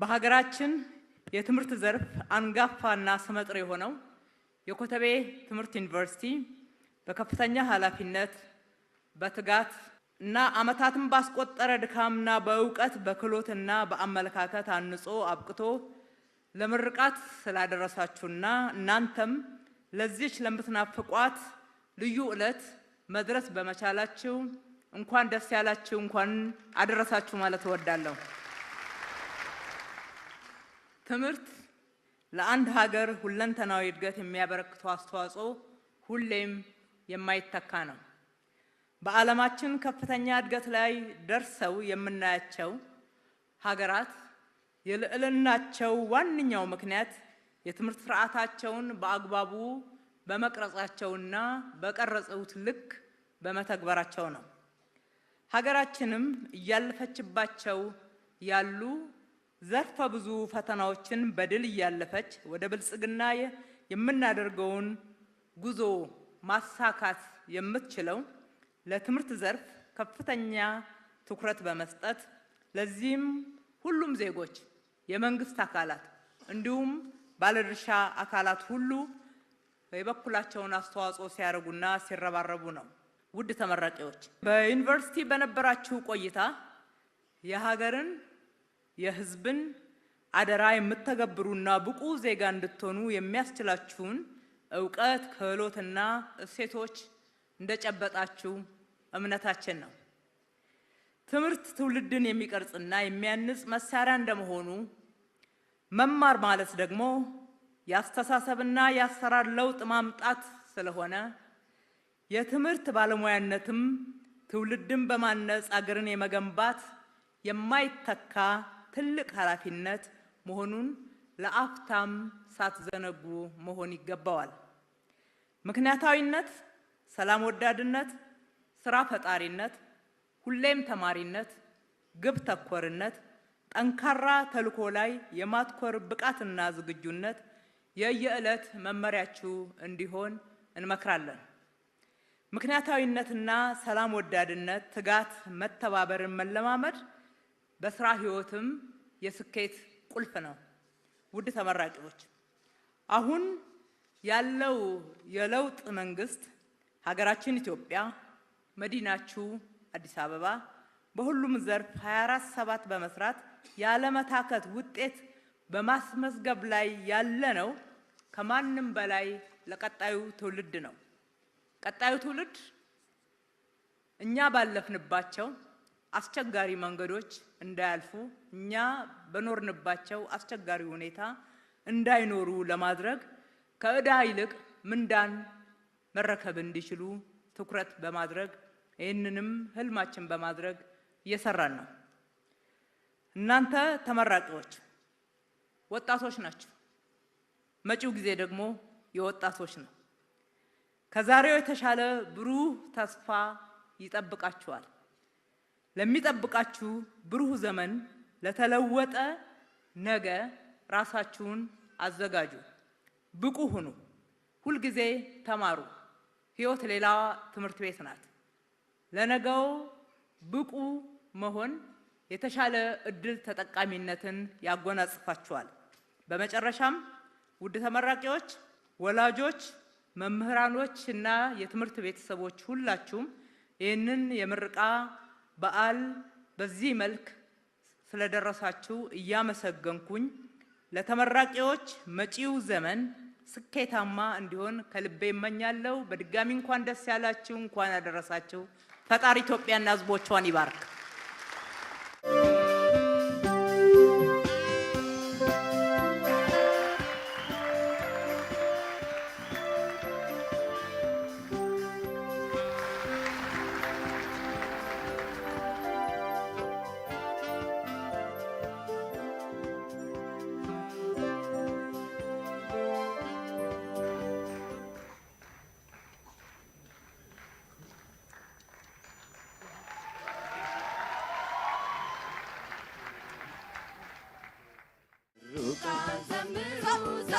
በሀገራችን የትምህርት ዘርፍ አንጋፋና ስመጥር የሆነው የኮተቤ ትምህርት ዩኒቨርሲቲ በከፍተኛ ኃላፊነት በትጋት እና ዓመታትን ባስቆጠረ ድካምና በእውቀት በክህሎትና በአመለካከት አንጾ አብቅቶ ለምርቃት ስላደረሳችሁና እናንተም ለዚች ለምትናፍቋት ልዩ ዕለት መድረስ በመቻላችሁ እንኳን ደስ ያላችሁ፣ እንኳን አደረሳችሁ ማለት እወዳለሁ። ትምህርት ለአንድ ሀገር ሁለንተናዊ እድገት የሚያበረክተው አስተዋጽኦ ሁሌም የማይተካ ነው። በዓለማችን ከፍተኛ እድገት ላይ ደርሰው የምናያቸው ሀገራት የልዕልናቸው ዋነኛው ምክንያት የትምህርት ስርዓታቸውን በአግባቡ በመቅረጻቸውና በቀረጹት ልክ በመተግበራቸው ነው። ሀገራችንም እያለፈችባቸው ያሉ ዘርፈ ብዙ ፈተናዎችን በድል እያለፈች ወደ ብልጽግና የምናደርገውን ጉዞ ማሳካት የምትችለው ለትምህርት ዘርፍ ከፍተኛ ትኩረት በመስጠት ለዚህም ሁሉም ዜጎች፣ የመንግስት አካላት እንዲሁም ባለድርሻ አካላት ሁሉ የበኩላቸውን አስተዋጽኦ ሲያደርጉና ሲረባረቡ ነው። ውድ ተመራቂዎች በዩኒቨርሲቲ በነበራችሁ ቆይታ የሀገርን የህዝብን አደራ የምተገብሩና ብቁ ዜጋ እንድትሆኑ የሚያስችላችሁን እውቀት፣ ክህሎትና እሴቶች እንደጨበጣችሁ እምነታችን ነው። ትምህርት ትውልድን የሚቀርጽና የሚያንጽ መሳሪያ እንደመሆኑ መማር ማለት ደግሞ የአስተሳሰብና የአሰራር ለውጥ ማምጣት ስለሆነ የትምህርት ባለሙያነትም ትውልድን በማነጽ አገርን የመገንባት የማይተካ ትልቅ ኃላፊነት መሆኑን ለአፍታም ሳትዘነጉ መሆን ይገባዋል። ምክንያታዊነት፣ ሰላም ወዳድነት፣ ስራ ፈጣሪነት፣ ሁሌም ተማሪነት፣ ግብ ተኮርነት፣ ጠንካራ ተልዕኮ ላይ የማትኮር ብቃትና ዝግጁነት የየዕለት መመሪያችሁ እንዲሆን እንመክራለን። ምክንያታዊነትና ሰላም ወዳድነት፣ ትጋት፣ መተባበርን መለማመድ በስራ ህይወትም የስኬት ቁልፍ ነው። ውድ ተመራቂዎች፣ አሁን ያለው የለውጥ መንግስት ሀገራችን ኢትዮጵያ መዲናችሁ አዲስ አበባ በሁሉም ዘርፍ 24 ሰባት በመስራት ያለመታከት ውጤት በማስመዝገብ ላይ ያለ ነው። ከማንም በላይ ለቀጣዩ ትውልድ ነው። ቀጣዩ ትውልድ እኛ ባለፍንባቸው አስቸጋሪ መንገዶች እንዳያልፉ እኛ በኖርንባቸው አስቸጋሪ ሁኔታ እንዳይኖሩ ለማድረግ ከእዳ ይልቅ ምንዳን መረከብ እንዲችሉ ትኩረት በማድረግ ይህንንም ህልማችን በማድረግ እየሰራን ነው። እናንተ ተመራቂዎች ወጣቶች ናችሁ። መጪው ጊዜ ደግሞ የወጣቶች ነው። ከዛሬው የተሻለ ብሩህ ተስፋ ይጠብቃችኋል። ለሚጠብቃችሁ ብሩህ ዘመን፣ ለተለወጠ ነገ ራሳችሁን አዘጋጁ። ብቁ ሁኑ። ሁልጊዜ ተማሩ። ህይወት ሌላ ትምህርት ቤት ናት። ለነገው ብቁ መሆን የተሻለ እድል ተጠቃሚነትን ያጎናጽፋችኋል። በመጨረሻም ውድ ተመራቂዎች፣ ወላጆች፣ መምህራኖች እና የትምህርት ቤተሰቦች ሁላችሁም ይህንን የምርቃ ። በዓል በዚህ መልክ ስለደረሳችሁ እያመሰገንኩኝ ለተመራቂዎች መጪው ዘመን ስኬታማ እንዲሆን ከልቤ እመኛለሁ። በድጋሚ እንኳን ደስ ያላችሁ፣ እንኳን ያደረሳችሁ። ፈጣሪ ኢትዮጵያና ሕዝቦቿን ይባርክ።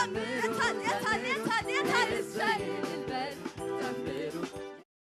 别唱，别唱。